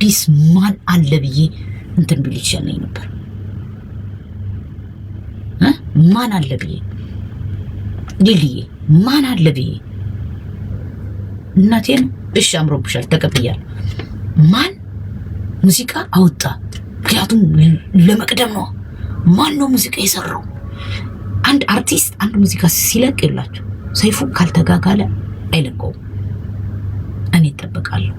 አዲስ ማን አለ ብዬ እንትን ብል ይሻለኝ ነበር። ማን አለ ብዬ ሊልዬ ማን አለ ብዬ እናቴን እሺ አምሮብሻል፣ ተቀብያል። ማን ሙዚቃ አወጣ? ምክንያቱም ለመቅደም ነው። ማን ነው ሙዚቃ የሰራው? አንድ አርቲስት አንድ ሙዚቃ ሲለቅ የላቸው ሰይፉ ካልተጋጋለ አይለቀውም። እኔ እጠበቃለሁ።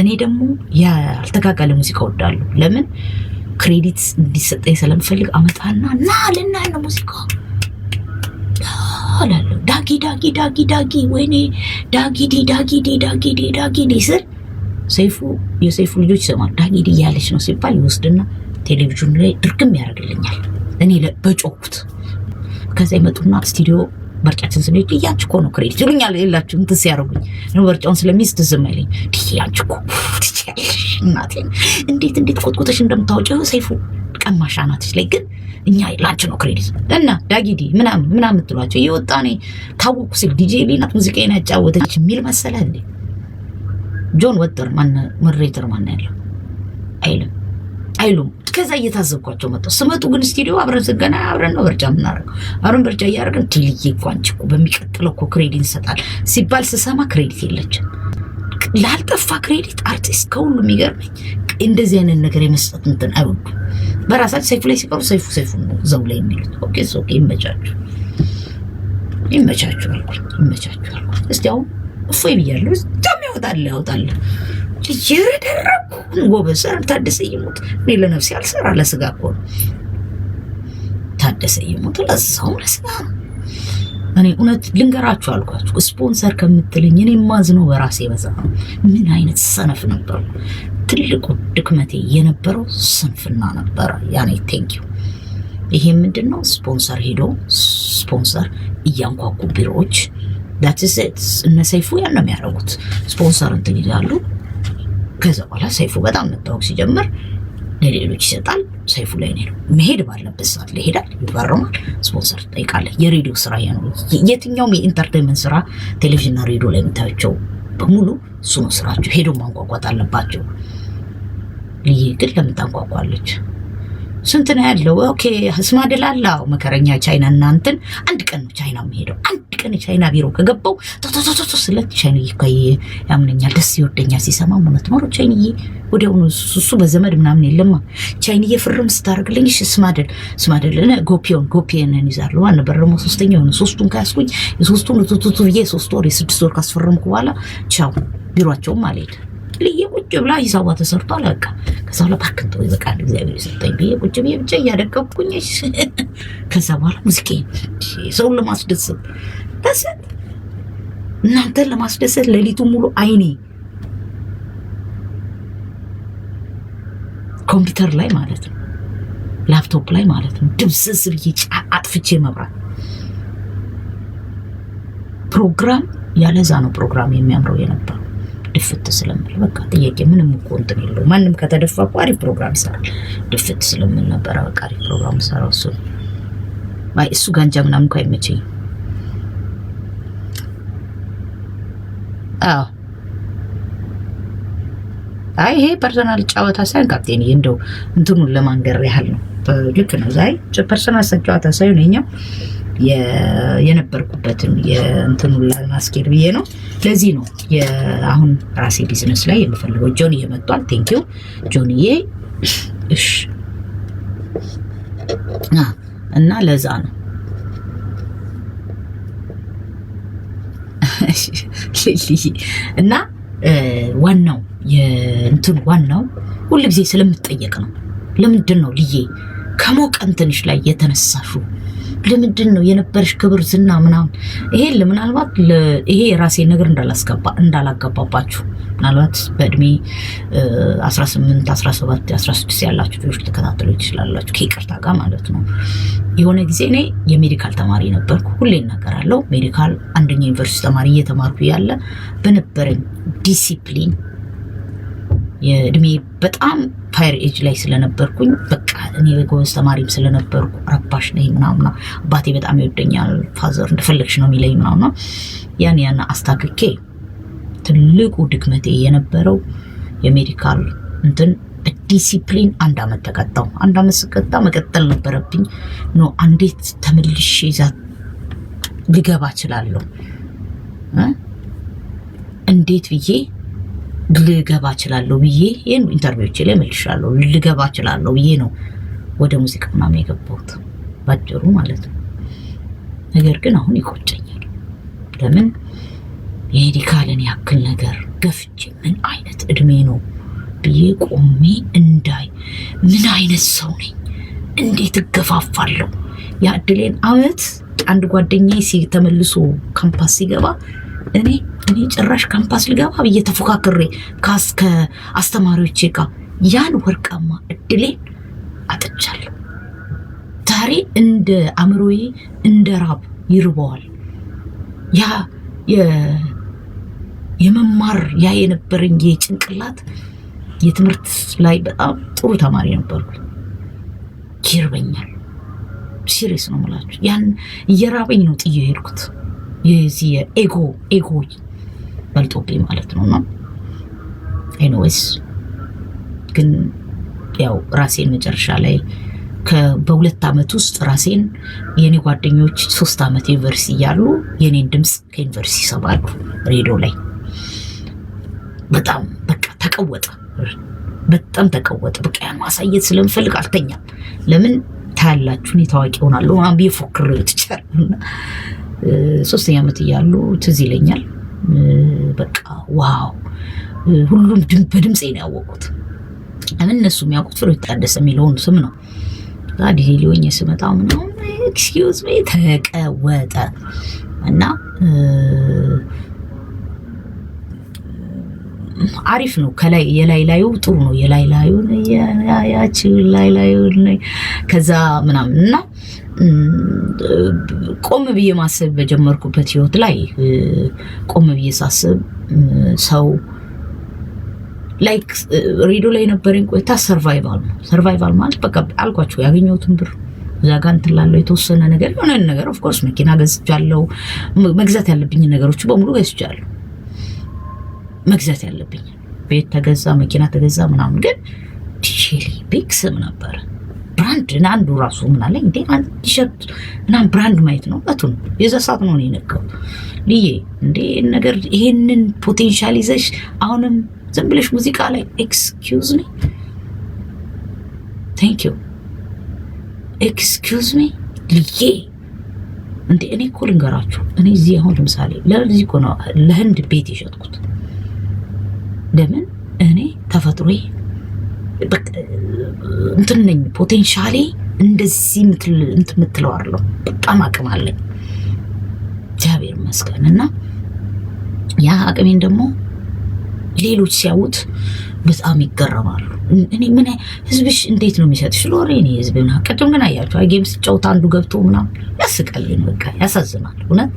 እኔ ደግሞ ያልተጋጋለ ሙዚቃ ወዳሉ ለምን ክሬዲት እንዲሰጠኝ ስለምፈልግ አመጣና ና ልናል ነው ሙዚቃ ላለሁ ዳጊ ዳጊ ዳጊ ዳጊ ወይኔ ዳጊ ዳጊ ዳጊ ዳጊዲ ዳጊ ዳጊዲ ስል ሰይፉ የሰይፉ ልጆች ዳጊ ዳጊዲ እያለች ነው ሲባል ይወስድና ቴሌቪዥኑ ላይ ድርግም ያደርግልኛል። እኔ በጮኩት ከዛ ይመጡና ስቱዲዮ በርጫችን ስንሄድ ያንቺ እኮ ነው ክሬዲት ይሉኛል። የላችሁ እንትን ሲያደርጉኝ ነው ስለሚስት ዝም አይለኝ የማይለኝ ያንቺ እኮ ትችያለሽ እናቴን እንዴት እንዴት ቁጥቁጥሽ እንደምታወጪው ሰይፉ ቀማሽ አናትሽ ላይ ግን እኛ ላንቺ ነው ክሬዲት እና ዳጊዲ ምናምን ምናምን ትሏቸው እየወጣ እኔ ታወቁ ሲል ዲጄ ሊናት ሙዚቃዬን ያጫወተች የሚል መሰለህ እንዴ ጆን ወጥር ማን ሞዴሬተር ማን ያለው አይልም አይሉም። ከዛ እየታዘብኳቸው መጣሁ። ስመጡ ግን ስቱዲዮ አብረን ስገና አብረን ነው በርጫ የምናደርገው። አሁን በርጫ እያደረግን ትልዬ እኮ አንቺ እኮ በሚቀጥለው እኮ ክሬዲት እንሰጣል ሲባል ስሰማ ክሬዲት የለችም። ላልጠፋ ክሬዲት አርቲስት ከሁሉ የሚገርመኝ እንደዚህ አይነት ነገር የመስጠት እንትን አይወዱ። በራሳቸው ሰይፉ ላይ ሲቀሩ ሰይፉ ሰይፉ ነው ዘው ላይ የሚሉት። ኦኬ ኦኬ፣ ይመቻችሁ ይመቻችሁ አልኩኝ። ይመቻችሁ አልኩኝ። እስቲ አሁን እፎይ ብያለሁ። ጣም ያወጣለ ያወጣለ ልጅ ረደረኩ ጎበዝ ታደሰ ይሞት እኔ ለነፍሴ አልሰራ ለስጋ እኮ ነው። ታደሰ ይሞት ለዛውም ለስጋ ነው። እኔ እውነት ልንገራችሁ አልኳችሁ ስፖንሰር ከምትለኝ እኔ ማዝነው በራሴ በዛ ነው። ምን አይነት ሰነፍ ነበሩ። ትልቁ ድክመቴ የነበረው ስንፍና ነበረ። ያኔ ቴንኪዩ ይሄ ምንድን ነው? ስፖንሰር ሄዶ ስፖንሰር እያንኳኩ ቢሮዎች ዳትስ እነ ሰይፉ ያን ነው የሚያደርጉት። ስፖንሰር እንትን ይላሉ። ከዛ በኋላ ሰይፉ በጣም መታወቅ ሲጀምር ለሌሎች ይሰጣል። ሰይፉ ላይ ነው መሄድ ባለበት ሰዓት ላይ ይፈርማል፣ ስፖንሰር ትጠይቃለህ። የሬዲዮ ስራ ነው። የትኛውም የኢንተርቴንመንት ስራ ቴሌቪዥንና ሬዲዮ ላይ የምታያቸው በሙሉ እሱ ነው ስራቸው። ሄዶ ማንቋቋት አለባቸው። ልዬ ግን ለምን ታንቋቋለች? ስንት ነው ያለው? ኦኬ ስማድላላው መከረኛ ቻይና እናንትን አንድ ቀን ነው ቻይና የሚሄደው። አንድ ቀን የቻይና ቢሮ ከገባው ቶቶቶቶ ስለት ቻይና ይኳይ ያምነኛል፣ ደስ ይወደኛል። ሲሰማ እውነት ነው ቻይንዬ፣ ወዲያውኑ እሱ በዘመድ ምናምን የለማ ቻይንዬ ፍርም ስታደርግልኝ ስማድል ስማድል ጎፒዮን ጎፒዮንን ይዛሉ ማን ነበር ደግሞ ሶስተኛ የሆነ ሶስቱን ካያስኩኝ ሶስቱን ቶቶቶ ብዬ ሶስት ወር የስድስት ወር ካስፈረምኩ በኋላ ቻው ቢሯቸውም አልሄድ ልዬ ቁጭ ብላ ሂሳቧ ተሰርቶ አለቃ። ከዛ በኋላ ይበቃል እግዚአብሔር የሰጠኝ ብዬ ቁጭ ብዬ ብቻ እያደቀብኩኝ፣ ከዛ በኋላ ሙዚቄ ሰውን ለማስደሰት ደሰት እናንተን ለማስደሰት ሌሊቱ ሙሉ አይኔ ኮምፒውተር ላይ ማለት ነው፣ ላፕቶፕ ላይ ማለት ነው። ድብስስ ብዬ አጥፍቼ መብራት ፕሮግራም ያለዛ ነው ፕሮግራም የሚያምረው የነበረው። ድፍት ስለምል በቃ ጥያቄ ምንም እኮ እንትን የለው። ማንም ከተደፋ እኮ አሪፍ ፕሮግራም ይሰራል። ድፍት ስለምል ነበረ በቃ አሪፍ ፕሮግራም ይሰራው። እሱ አይ እሱ ጋንጃ ምናምን እኮ አይመቸኝም። አዎ አይ ይሄ ፐርሰናል ጨዋታ ሳይሆን ካፕቴን እንደው እንትኑን ለማንገር ያህል ነው። ልክ ነው። ዛይ ፐርሰናል ጨዋታ ሳይሆን የኛው የነበርኩበትን የእንትኑን ለማስኬድ ብዬ ነው። ለዚህ ነው አሁን ራሴ ቢዝነስ ላይ የምፈልገው። ጆንዬ መጥቷል። ቴንኪው ጆንዬ። እሺ እና ለዛ ነው እና ዋናው የእንትን ዋናው ሁል ጊዜ ስለምጠየቅ ነው። ለምንድን ነው ልዬ ከሞቀ ትንሽ ላይ የተነሳሹ ለምንድን ነው የነበረሽ ክብር ዝና ምናምን ይሄ ምናልባት ይሄ የራሴ ነገር እንዳላገባባችሁ ምናልባት በእድሜ 18 17 16 ያላችሁ ልጆች ተከታተሉ ትችላላችሁ። ከይቅርታ ጋር ማለት ነው። የሆነ ጊዜ እኔ የሜዲካል ተማሪ ነበርኩ። ሁሌ እናገራለሁ። ሜዲካል አንደኛ ዩኒቨርሲቲ ተማሪ እየተማርኩ ያለ በነበረኝ ዲሲፕሊን የእድሜ በጣም ፓየር ኤጅ ላይ ስለነበርኩኝ በቃ እኔ ጎበዝ ተማሪም ስለነበርኩ ረባሽ ነኝ ምናምና አባቴ በጣም ይወደኛል፣ ፋዘር እንደፈለግሽ ነው የሚለኝ ምናምና ያን ያን አስታክኬ ትልቁ ድክመቴ የነበረው የሜዲካል እንትን ዲሲፕሊን አንድ አመት ተቀጣው። አንድ አመት ስቀጣ መቀጠል ነበረብኝ። ኖ አንዴት ተመልሼ ዛ ልገባ እችላለሁ እንዴት ብዬ ልገባ እችላለሁ ብዬ ይህን ኢንተርቪዎች ላይ መልሻለሁ። ልገባ እችላለሁ ብዬ ነው ወደ ሙዚቃ ምናምን የገባሁት ባጭሩ ማለት ነው። ነገር ግን አሁን ይቆጨኛል። ለምን የሜዲካልን ያክል ነገር ገፍቼ ምን አይነት እድሜ ነው ብዬ ቆሜ እንዳይ ምን አይነት ሰው ነኝ? እንዴት እገፋፋለሁ? የአድሌን አመት አንድ ጓደኛ ተመልሶ ካምፓስ ሲገባ እኔ እኔ ጭራሽ ካምፓስ ልገባ ብዬ ተፎካክሬ ከአስተማሪዎቼ ጋር ያን ወርቃማ እድሌን አጥቻለሁ። ዛሬ እንደ አእምሮዬ እንደ ራብ ይርበዋል። ያ የመማር ያ የነበረኝ የጭንቅላት የትምህርት ላይ በጣም ጥሩ ተማሪ ነበርኩ። ይርበኛል። ሲሪየስ ነው የምላችሁ። ያን እየራበኝ ነው ጥዬ ሄድኩት። የዚህ የኤጎ ኤጎ በልጦብኝ ማለት ነው። እና ኤኒዌይስ ግን ያው ራሴን መጨረሻ ላይ በሁለት ዓመት ውስጥ ራሴን የኔ ጓደኞች ሶስት ዓመት ዩኒቨርሲቲ እያሉ የኔን ድምፅ ከዩኒቨርሲቲ ይሰማሉ ሬዲዮ ላይ። በጣም በቃ ተቀወጠ፣ በጣም ተቀወጠ። በቃ ያን ማሳየት ስለምፈልግ አልተኛም። ለምን ታያላችሁን የታዋቂ ሆናለሁ ብዬ ፎክር ትቻል ሶስተኛ ዓመት እያሉ ትዝ ይለኛል በቃ ዋው ሁሉም በድምፄ ነው ያወቁት። ለምን እነሱ የሚያውቁት ፍሬሕይወት ታደሰ የሚለውን ስም ነው። ዲዜ ሊሆኝ ስመጣ ምናምን ኤክስኪውዝ ሜ ተቀወጠ እና አሪፍ ነው። ከላይ የላይ ላዩ ጥሩ ነው። የላይ ላዩ ያቺ ላይ ላዩ ከዛ ምናምን እና ቆም ብዬ ማሰብ በጀመርኩበት ህይወት ላይ ቆም ብዬ ሳስብ ሰው ላይክ ሬዲዮ ላይ የነበረኝ ቆይታ ሰርቫይቫል ነው። ሰርቫይቫል ማለት በቃ አልኳቸው ያገኘሁትን ብር እዛ ጋ እንትን ላለው የተወሰነ ነገር የሆነ ነገር ኦፍኮርስ መኪና ገዝቻለሁ። መግዛት ያለብኝ ነገሮች በሙሉ ገዝቻለሁ። መግዛት ያለብኝ ቤት ተገዛ፣ መኪና ተገዛ ምናምን ግን ቲሼሊ ቤክስም ነበረ ብራንድ አንዱ ራሱ ምናለ እንዴ አንድ ቲሸርት ምናምን ብራንድ ማየት ነው እውነቱን የዛ ሰዓት ነው የነቀው ልዬ እንዴ ነገር ይሄንን ፖቴንሻል ይዘሽ አሁንም ዝም ብለሽ ሙዚቃ ላይ ኤክስኪውዝ ሚ ቴንክ ዩ ኤክስኪውዝ ሚ ልዬ እንዴ እኔ እኮ ልንገራችሁ፣ እኔ እዚህ አሁን ለምሳሌ ለዚህ እኮ ነው ለህንድ ቤት የሸጥኩት። ለምን እኔ ተፈጥሮዬ እንትን ነኝ ፖቴንሻሌ እንደዚህ የምትለው አለው። በጣም አቅም አለኝ እግዚአብሔር ይመስገን። እና ያ አቅሜን ደግሞ ሌሎች ሲያዩት በጣም ይገረማሉ። እኔ ምን ህዝብሽ እንዴት ነው የሚሰጥሽ ሎሬ? እኔ ህዝብ ምናምን ቅድም ግን አያቸው ጌም ስጫውት አንዱ ገብቶ ምናምን ያስቃል። በቃ ያሳዝናል እውነት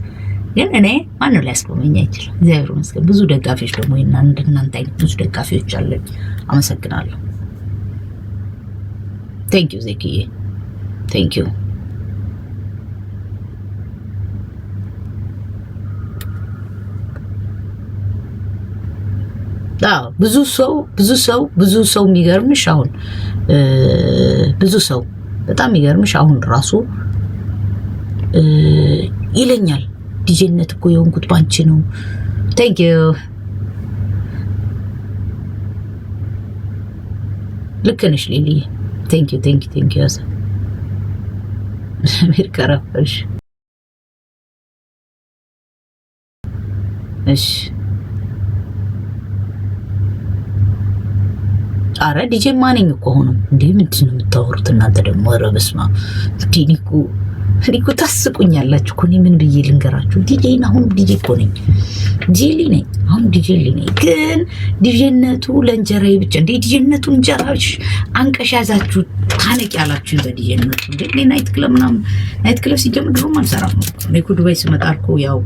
ግን እኔ ማንም ሊያስቆመኝ አይችልም። እግዚአብሔር ይመስገን። ብዙ ደጋፊዎች ደግሞ እንደናንተ አይነት ብዙ ደጋፊዎች አለኝ። አመሰግናለሁ። ቴንክ ዩ ዜክዬ፣ ቴንክ ዩ። ብዙ ሰው ብዙ ሰው ብዙ ሰው የሚገርምሽ አሁን ብዙ ሰው በጣም የሚገርምሽ አሁን ራሱ ይለኛል ዲጄነት እኮ የሆንኩት ባንቺ ነው። ቴንክ ዩ ልክ ነሽ ሌሊዬ። ቴንክ ዩ ቴንክ ዩ ቴንክ ዩ ያሰ አሜሪካ ራፈርሽ። እሺ አረ ዲጄ ማነኝ እኮ አሁንም እንዴ ምንድን ነው የምታወሩት እናንተ ደግሞ? ኧረ ዲኒኩ እኔ እኮ ታስቁኛላችሁ እኮ እኔ ምን ብዬ ልንገራችሁ? ዲጄን አሁን ዲጄ እኮ ነኝ፣ ዲጄ ነኝ አሁን ዲጄ ነኝ። ግን ዲጄነቱ ለእንጀራ ብቻ እንዴ? ዲጄነቱ እንጀራ አንቀሽ ያዛችሁ ታነቅ ያላችሁ በዲጄነቱ እንደ ናይት ክለብ ምናምን ናይት ክለብ ሲጀምር ድሮም አልሰራም ነው እኔ እኮ ዱባይ ስመጣ አልኮ ያው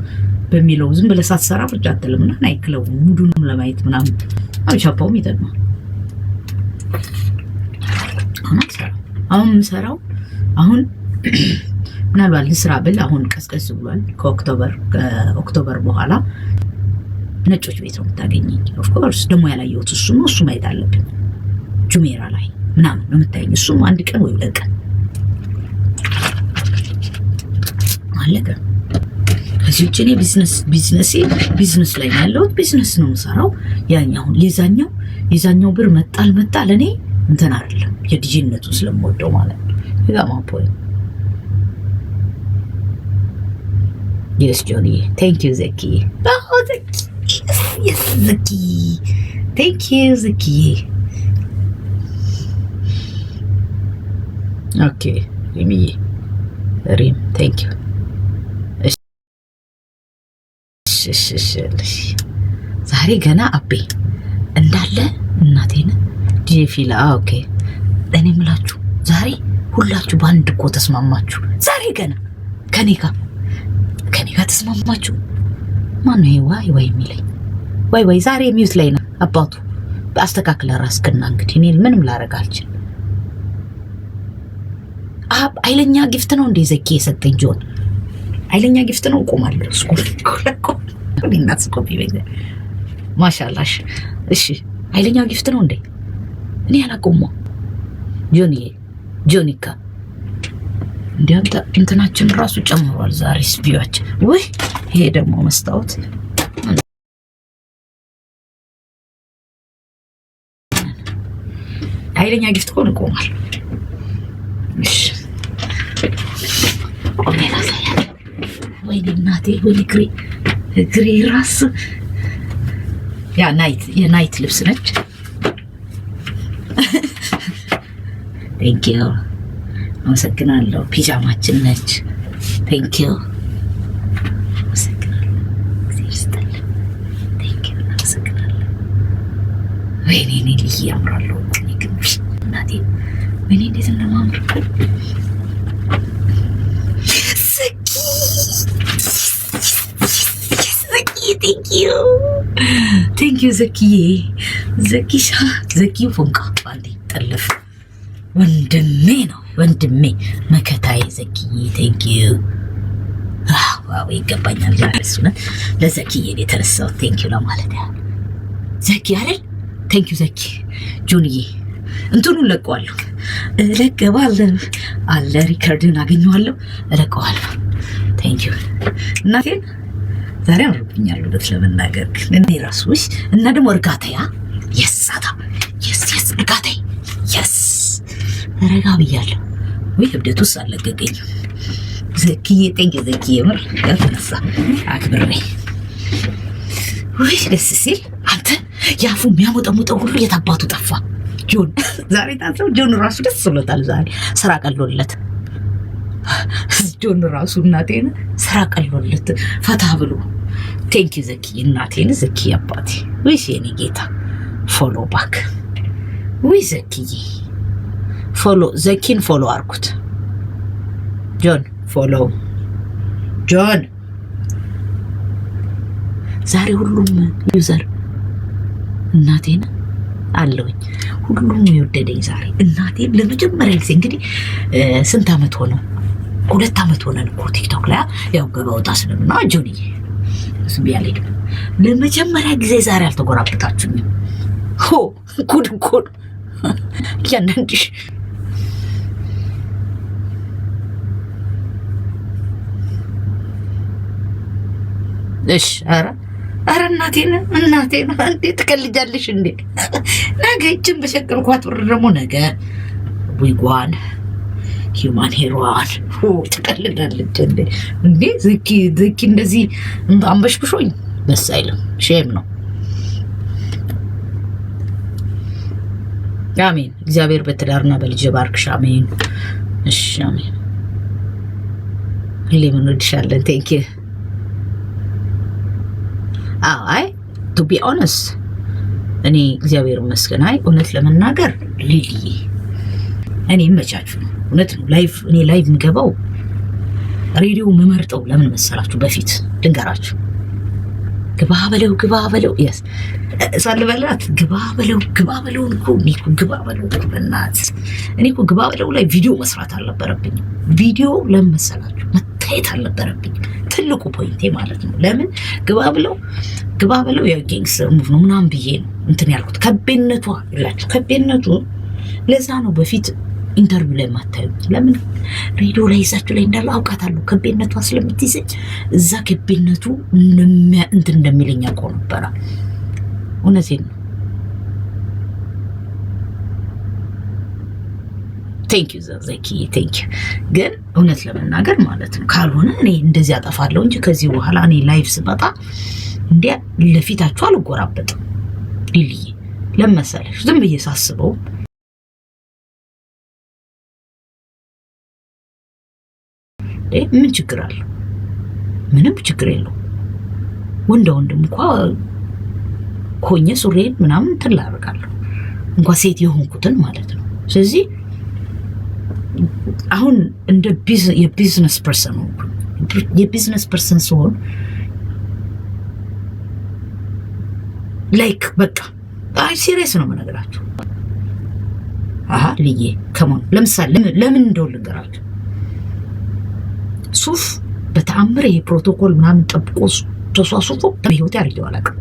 በሚለው ዝም ብለህ ሳትሰራ ቁጭ አትልም። እና ናይት ክለቡ ሙዱንም ለማየት ምናምን አልሻፓውም ይጠቅማል። አሁን የምሰራው አሁን ምናልባት ልስራ ብል አሁን ቀዝቀዝ ብሏል። ከኦክቶበር በኋላ ነጮች ቤት ነው የምታገኘኝ። ኦፍኮርስ ደግሞ ያላየሁት እሱ ነው። እሱ ማየት አለብን። ጁሜራ ላይ ምናምን ነው የምታየኝ። እሱ አንድ ቀን ወይ ሁለት ቀን አለቀ። ከዚህ ውጭ እኔ ቢዝነሴ ቢዝነስ ላይ ነው ያለሁት። ቢዝነስ ነው የምሰራው። ያኛውን የዛኛው የዛኛው ብር መጣል መጣል እኔ እንትን አይደለም የዲጄነቱን ስለምወደው ማለት ነው። ይጋማ ፖይንት Yes, Johnny. Thank you, Zeki. Oh, Zeki. Yes, yes, Zeki. Thank you, Zeki. ኦኬ የሚዬ ሪም ቴንክ ዩ። ዛሬ ገና አቤ እንዳለ እናቴን ጂፊላ ኦኬ። እኔ ምላችሁ ዛሬ ሁላችሁ በአንድ እኮ ተስማማችሁ። ዛሬ ገና ከኔ ጋር ተስማማችሁ? ማነው ይሄ ዋይ ዋይ የሚለኝ? ዋይ ዋይ ዛሬ ሚውት ላይ ነው አባቱ። አስተካክለ ራስክና እንግዲህ እኔ ምንም ላረግ አልችል። አብ ኃይለኛ ጊፍት ነው እንዴ ዘኪ የሰጠኝ ጆን፣ አይለኛ ጊፍት ነው። እቆማለሁ ስኮናስኮ ማሻላሽ እሺ፣ ኃይለኛ ጊፍት ነው እንዴ እኔ አላቆማ ጆንዬ ጆኒካ እንዲያውም እንትናችን ራሱ ጨምሯል። ዛሬ ስቢዎች ወይ ይሄ ደግሞ መስታወት ኃይለኛ ጊፍት ኮን ቆሟል። እሺ እናቴ ወይ ግሪ ግሪ ራስ ያ ናይት የናይት ልብስ ነች። ቴንክ ዩ አመሰግናለሁ። ፒጃማችን ነች። ቴንኪዩ አመሰግናለሁ። ወይኔ እኔ ልዬ ያምራለሁ። እኔ ግን እናቴ ወይኔ እንዴት እንደማምር ቴንኪዩ ዘኪዬ ዘኪሻ ዘኪ ፎንቃ ባንዴ ጠልፍ ወንድሜ ነው። ወንድሜ መከታዬ ዘኪዬ ቴንኪዩ ዋው ይገባኛል። ሱነት ለዘኪዬ የተረሳው ቴንኪው ለማለት ያ ዘኪ አይደል? ቴንኪዩ ዘኪ። ጆንዬ እንትኑን ለቀዋለሁ፣ እለቀዋለሁ አለ ሪከርድን አገኘዋለሁ፣ እለቀዋለሁ። ቴንኪዩ እናቴን ዛሬ አምርብኛል። እውነት ለመናገር ግን እኔ ራሱ እና ደግሞ እርጋታያ የሳታ የስ የስ እርጋታ የስ ረጋ ብያለሁ። ወይ እብደት ውስጥ አለቀቀኝ። ዘክዬ ጠየ ዘኪዬ ምር ያተነሳ አክብሬ ወይ ደስ ሲል አንተ የአፉ የሚያሞጠሙጠው ሁሉ የታባቱ ጠፋ። ጆን ዛሬ ታሰው ጆን ራሱ ደስ ብሎታል። ዛሬ ስራ ቀሎለት ጆን ራሱ እናቴን ስራ ቀሎለት ፈታ ብሎ ቴንኪ ዘኪ እናቴን ዘኪ አባቴ ወይ የኔ ጌታ ፎሎ ባክ ወይ ዘኪዬ ፎሎ ዘኪን ፎሎ አርኩት። ጆን ፎሎ ጆን። ዛሬ ሁሉም ዩዘር እናቴን አለውኝ ሁሉም የወደደኝ ዛሬ እናቴን ለመጀመሪያ ጊዜ እንግዲህ ስንት ዓመት ሆነው ሁለት ዓመት ሆነን እኮ ቲክቶክ ላይ ያው ገባ ወጣ ስለምና ጆንዬ ስቢያሌድ ለመጀመሪያ ጊዜ ዛሬ አልተጎራበጣችሁኝም። ሆ ጉድ ጉድ እያንዳንድሽ እሺ ኧረ ኧረ እናቴን እናቴን እንዴ ትቀልጃለሽ እንዴ? ነገ ይችን በሸቀልኳት ብር ደግሞ ነገ ዊጓን ሂውማን ሄሯን ትቀልዳለች እንዴ? እንዴ ዝኪ ዝኪ እንደዚህ አንበሽብሾኝ ደስ አይልም። ሼም ነው። አሜን። እግዚአብሔር በትዳርና በልጅ ባርክሽ። አሜን። እሺ አሜን። ሁሌም እንወድሻለን። ቴንኪ አይ ቱ ቢ ኦነስት እኔ እግዚአብሔር ይመስገን፣ አይ እውነት ለመናገር ልልዬ እኔ መቻችሁ ነው። እውነት ነው ላይቭ እኔ ላይቭ የምገባው ሬዲዮ መመርጠው ለምን መሰላችሁ? በፊት ድንገራችሁ ግባ በለው ግባ በለው ስ ሳልበላት ግባ በለው ግባ በለው እኮ እኔ ግባ በለው በናት እኔ ግባ በለው ላይ ቪዲዮ መስራት አልነበረብኝም። ቪዲዮ ለምን መሰላችሁ መታየት አልነበረብኝ ትልቁ ፖይንቴ ማለት ነው። ለምን ግባ ብለው ግባ ብለው የጌንግስ ሙቭ ነው ምናምን ብዬ ነው እንትን ያልኩት። ከቤነቷ ይላችሁ ከቤነቱ ለዛ ነው በፊት ኢንተርቪው ላይ ማታዩ ለምን ሬዲዮ ላይ ይዛችሁ ላይ እንዳለ አውቃታለሁ። ከቤነቷ ስለምትይዘኝ እዛ ከቤነቱ እንትን እንደሚለኝ አውቀው ነበረ። እውነቴን ነው። ቴንኪዩ ዘዘኪ ቴንኪዩ። ግን እውነት ለመናገር ማለት ነው ካልሆነ እኔ እንደዚህ አጠፋለሁ እንጂ ከዚህ በኋላ እኔ ላይፍ ስመጣ እንዲ ለፊታችሁ አልጎራበጥም። ሊልዬ ለመሰለሽ ዝም ብዬ ሳስበው ምን ችግር አለ? ምንም ችግር የለው። ወንደ ወንድም እንኳ ሆኜ ሱሬን ምናምን እንትን ላደርጋለሁ እንኳ ሴት የሆንኩትን ማለት ነው። ስለዚህ አሁን እንደ የቢዝነስ ፐርሰን የቢዝነስ ፐርሰን ሲሆን ላይክ በቃ አይ ሲሪየስ ነው የምነግራችሁ። አሀ ልዬ ከሞን ለምሳሌ ለምን እንደው ልንገራችሁ። ሱፍ በተአምር ይሄ ፕሮቶኮል ምናምን ጠብቆ ተሷሱፎ በህይወት አድርጌው አላውቅም።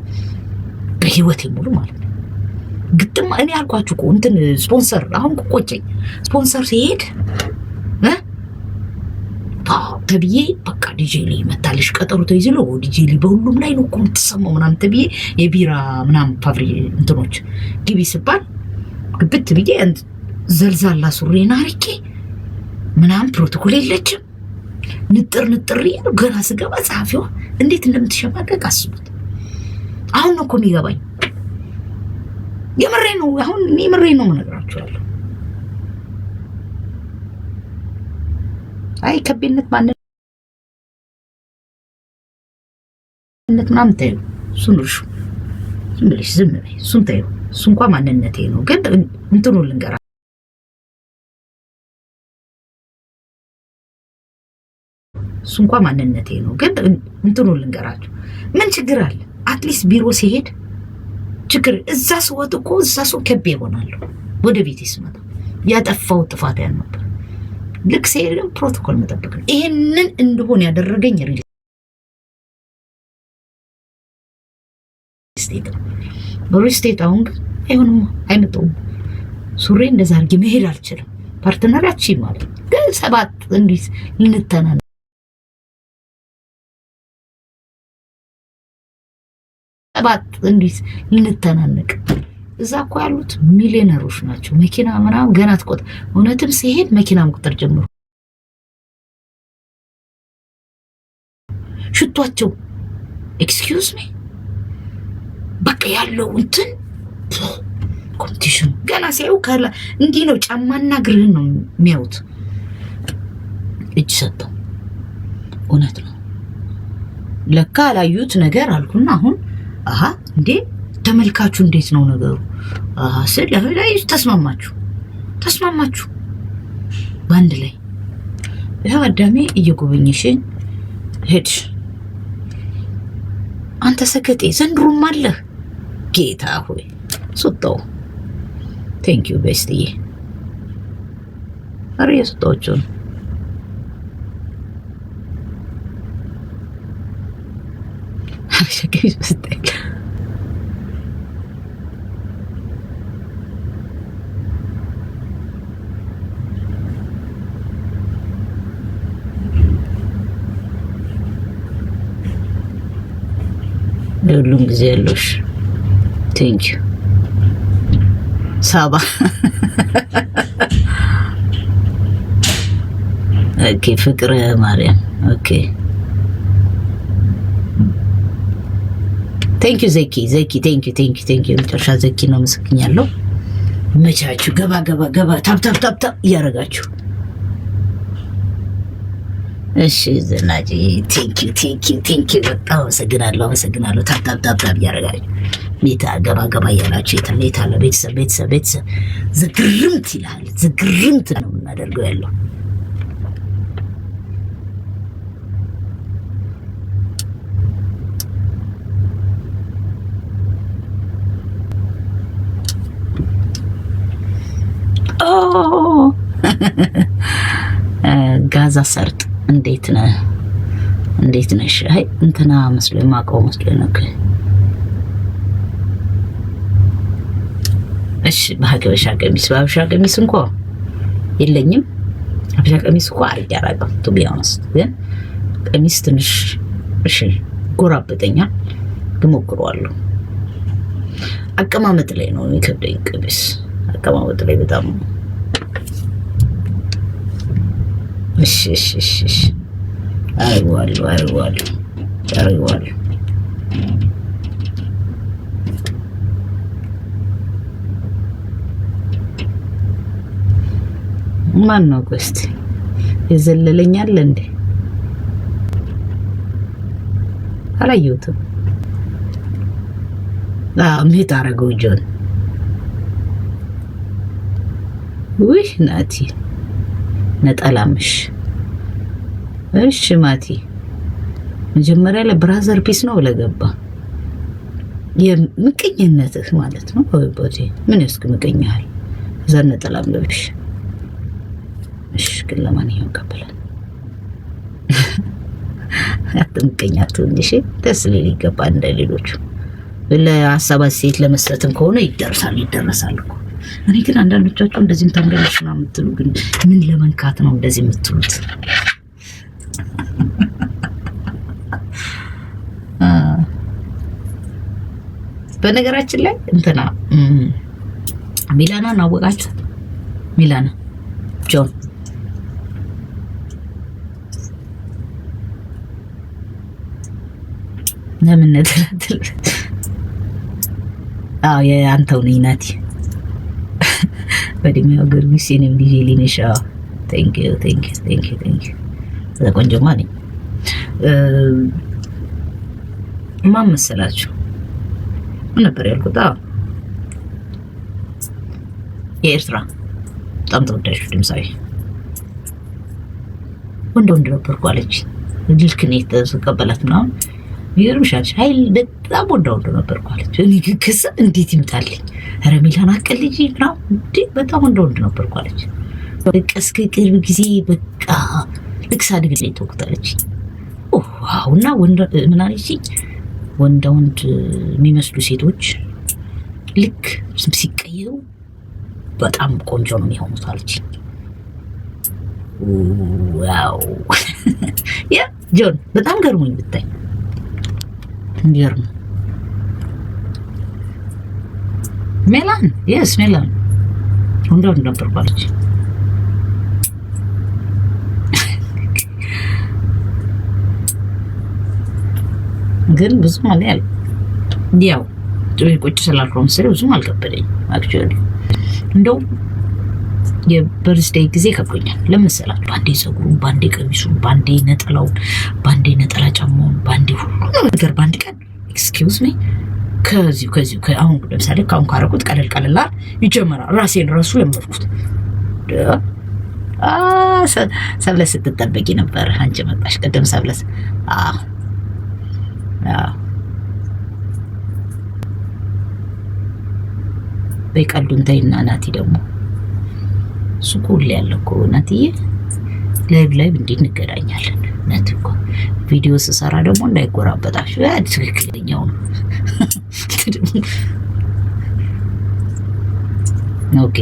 በህይወት ሙሉ ማለት ነው ግጥም እኔ አልኳችሁ እኮ እንትን ስፖንሰር አሁን ቆጨኝ። ስፖንሰር ሲሄድ ተብዬ በቃ ዲጄሊ መታለሽ ቀጠሮ ተይዝሎ ዲጄሊ በሁሉም ላይ ነው እኮ የምትሰማው ምናምን ተብዬ የቢራ ምናምን ፋብሪ እንትኖች ግቢ ስባል ግብት ብዬ ዘልዛላ ሱሬን አርቄ ምናምን ፕሮቶኮል የለችም ንጥር ንጥር ገና ስገባ ጸሐፊዋ እንዴት እንደምትሸማቀቅ አስቡት። አሁን ነው እኮ የሚገባኝ። የምሬ ነው። አሁን እኔ የምሬ ነው የምነግራቸዋለሁ። አይ ከቤነት ማንነት ምናምን ተይው፣ እሱን እርሹ፣ ዝም ብለሽ ዝም በይ፣ እሱን ተይው። እሱ እንኳ ማንነቴ ነው፣ ግን እንትኑ ልንገራ እሱ እንኳ ማንነቴ ነው፣ ግን እንትኑ ልንገራቸው። ምን ችግር አለ? አትሊስት ቢሮ ሲሄድ ችግር እዛ ስወጥ እኮ እዛ ሰው ከቤ ይሆናለሁ። ወደ ቤት ስመጣ ያጠፋው ጥፋት ያን ነበር። ልክ ሲሄድ ግን ፕሮቶኮል መጠበቅ ነው። ይሄንን እንደሆን ያደረገኝ ሪል ስቴት ነው። ሪል ስቴት አሁን ግን አይሆንም፣ አይመጣውም። ሱሬ እንደዛ አድርጌ መሄድ አልችልም። ፓርትነራችን ማለት ግን ሰባት እንዲህ ልንተናነ ሰባት እንዴት ልንተናነቅ። እዛ እኮ ያሉት ሚሊዮነሮች ናቸው። መኪና ምናምን ገና ትቆጥ እውነትም ሲሄድ መኪናም ቁጥር ጀምሩ። ሽቷቸው ኤክስኪውዝ ሚ በቃ ያለው እንትን ገና ሲያዩ እንዲህ ነው። ጫማና እግርህን ነው የሚያዩት። እጅ ሰጠው። እውነት ነው ለካ ላዩት ነገር አልኩና አሁን አሀ እንዴ ተመልካቹ እንዴት ነው ነገሩ ስል ተስማማችሁ ተስማማችሁ በአንድ ላይ ይኸው አዳሜ እየጎበኘሽኝ ሄድ አንተ ሰገጤ ዘንድሮም አለህ። ጌታ ሆይ ሱጣው ቴንኪዩ ቤስትዬ። ኧረ የሱጣዎቹ ነው ሸቀሽ ለሁሉም ጊዜ ያለሽ ቴንክ ሳባ ኦኬ ፍቅረ ማርያም ኦኬ ቴንክ ዘኪ ዘኪ ቴንክ ዩ ቴንክ የመጨረሻ ዘኪ ነው መስክኛለሁ መቻችሁ ገባ ገባ ገባ ታብ ታብ ታብ ታብ እያረጋችሁ እሺ ዘናጅ ቴንኪው ቴንኪው ቴንኪው በጣም አመሰግናለሁ አመሰግናለሁ። ታብ ታብ ታብ ታብ እያደረጋችሁ ቤታ ገባ ገባ እያላችሁ የትም አለ ቤተሰብ ቤተሰብ ቤተሰብ ዝግርምት ይላል። ዝግርምት ነው የምናደርገው ያለው ጋዛ ሰርጥ እንዴት ነ እንዴት ነሽ? አይ እንትና መስሎ የማውቀው መስሎ ነው። እሺ በሀበሻ ቀሚስ በሀበሻ ቀሚስ እንኳ የለኝም። ሀበሻ ቀሚስ እንኳ አድርጌ አላውቅም። ቱ ቢ ግን ቀሚስ ትንሽ እሺ ጎራበጠኛል፣ እሞክረዋለሁ። አቀማመጥ ላይ ነው የሚከብደኝ ቀሚስ አቀማመጥ ላይ በጣም እሺ፣ እሺ፣ እሺ፣ እሺ። አድርገዋለሁ፣ አድርገዋለሁ፣ አድርገዋለሁ። ማን ነው ቆስቲ የዘለለኝ አለ እንዴ? አላየሁትም። ምሄት አረገው ጆን ውህ ናቲ ነጠላምሽ። እሺ ማቲ መጀመሪያ ለብራዘር ፒስ ነው ለገባ የምቀኝነትህ ማለት ነው። ቦቴ ምን እስኪ ምቀኛል። እዛ ነጠላም ለብሽ። እሺ ግን ለማንኛውም ቀበላል አትምቀኛ ትሁን። እሺ ደስ ሊል ይገባ እንደሌሎቹ ለሀሳባት ሴት ለመስጠትም ከሆነ ይደርሳል ይደረሳል እኮ እኔ ግን አንዳንዶቻቸው እንደዚህም ተንገላችሁ ነው የምትሉ፣ ግን ምን ለመንካት ነው እንደዚህ የምትሉት? በነገራችን ላይ እንትና ሚላና እናወቃችኋል። ሚላና ጆን ለምን ነትላትል የአንተው ነኝ ናቲ በእድሜዋ ጊዮርጊስንም ቢዜ ሊንሻ ቴንኪው ቴንኪው ቴንኪው ቴንኪው። ቆንጆማ ነኝ። ማን መሰላችሁ ምን ነበር ያልኩት? የኤርትራ በጣም ተወዳጁ ድምፃዊ ወንድ ወንድ ነበርኩ አለች። ልልክን የተቀበላት ምናምን ይርምሻለች ሀይል በጣም ወንዳ ወንድ ነበርኩ አለች። እኔ እንዴት ይምጣልኝ ኧረ ሚላን አቅል ልጅ በጣም እንደ ወንድ ነበርኩ አለች። በቃ እስከ ቅርብ ጊዜ በቃ ልክ ሳድግ ላይ ተወቅታለች። እና ምን አለች ወንዳ ወንድ የሚመስሉ ሴቶች ልክ ሲቀየሩ በጣም ቆንጆ ነው የሚሆኑት አለች። ያ ጆን በጣም ገርሞኝ ብታይ እንዲገርም ሜላን የስ ሜላን እንደው ነበር ባለች ግን ብዙም አለ ያለ ያው ጥሩ ቁጭ ስላልኩ መሰለኝ ብዙም አልከበደኝ። አክቹዋሊ እንደው የበርስዴይ ጊዜ ከብዶኛል። ለምን መሰላችሁ? ባንዴ ፀጉሩን፣ ባንዴ ቀሚሱን፣ ባንዴ ነጠላውን፣ ባንዴ ነጠላ ጫማውን፣ ባንዴ ሁሉ ነገር በአንድ ቀን ኤክስኪውዝ ሚ ከዚ ከዚ አሁን ለምሳሌ ካሁን ካረኩት ቀለል ቀለላ ይጀመራል። ራሴን ራሱ ለመድኩት። ሰብለስ ስትጠበቂ ነበር አንቺ መጣሽ ቅድም። ሰብለስ በቀልዱን ተይና ናቲ ደግሞ ስኩል ያለ እኮ ናትዬ ላይብ ላይብ እንዴት እንገናኛለን? ነት እኮ ቪዲዮ ስሰራ ደግሞ እንዳይጎራበጣችሁ ትክክለኛው ነው። ኦኬ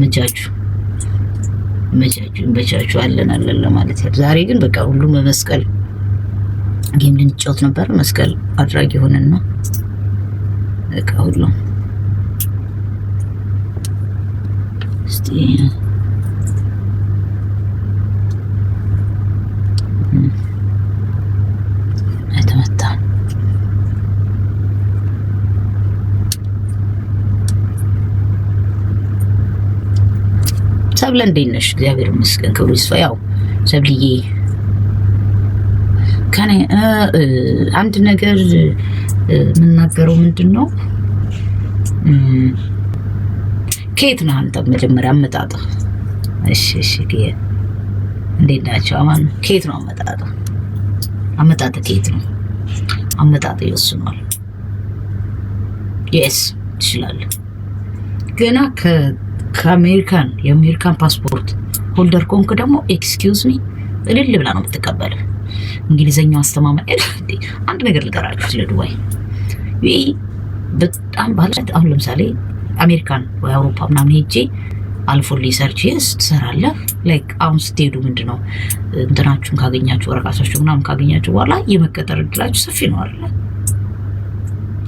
መቻችሁ መቻችሁ መቻችሁ አለን አለን ለማለት ያህል። ዛሬ ግን በቃ ሁሉም መስቀል ጌም ልንጫወት ነበር። መስቀል አድራጊ ሆነና በቃ ሁሉም እስቲ ሰብለ እንዴት ነሽ? እግዚአብሔር ይመስገን ክብሩ ይስፋ። ያው ሰብልዬ ከኔ አንድ ነገር የምናገረው ምንድን ነው፣ ከየት ነው አንተ? መጀመሪያ አመጣጥ። እሺ እሺ፣ እንዴት ናቸው? አማን። ከየት ነው አመጣጥ? አመጣጥ ከየት ነው አመጣጥ? ይወስኗል። የስ ይችላል ገና ከ ከአሜሪካን የአሜሪካን ፓስፖርት ሆልደር ኮንክ ደግሞ ኤክስኪውዝ ሚ እልል ብላ ነው የምትቀበል። እንግሊዘኛው አስተማማኝ አንድ ነገር ልጠራችሁ ስለ ዱባይ ይህ በጣም ባህል። አሁን ለምሳሌ አሜሪካን ወይ አውሮፓ ምናምን ሄጄ አልፎ ሊሰርች ስ ትሰራለህ። ላይክ አሁን ስትሄዱ ምንድ ነው እንትናችሁን ካገኛችሁ ወረቀታችሁ ምናምን ካገኛችሁ በኋላ የመቀጠር እድላችሁ ሰፊ ነው አለ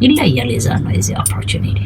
ይለያል። የዛ ነው የዚህ ኦፖርቹኒቲ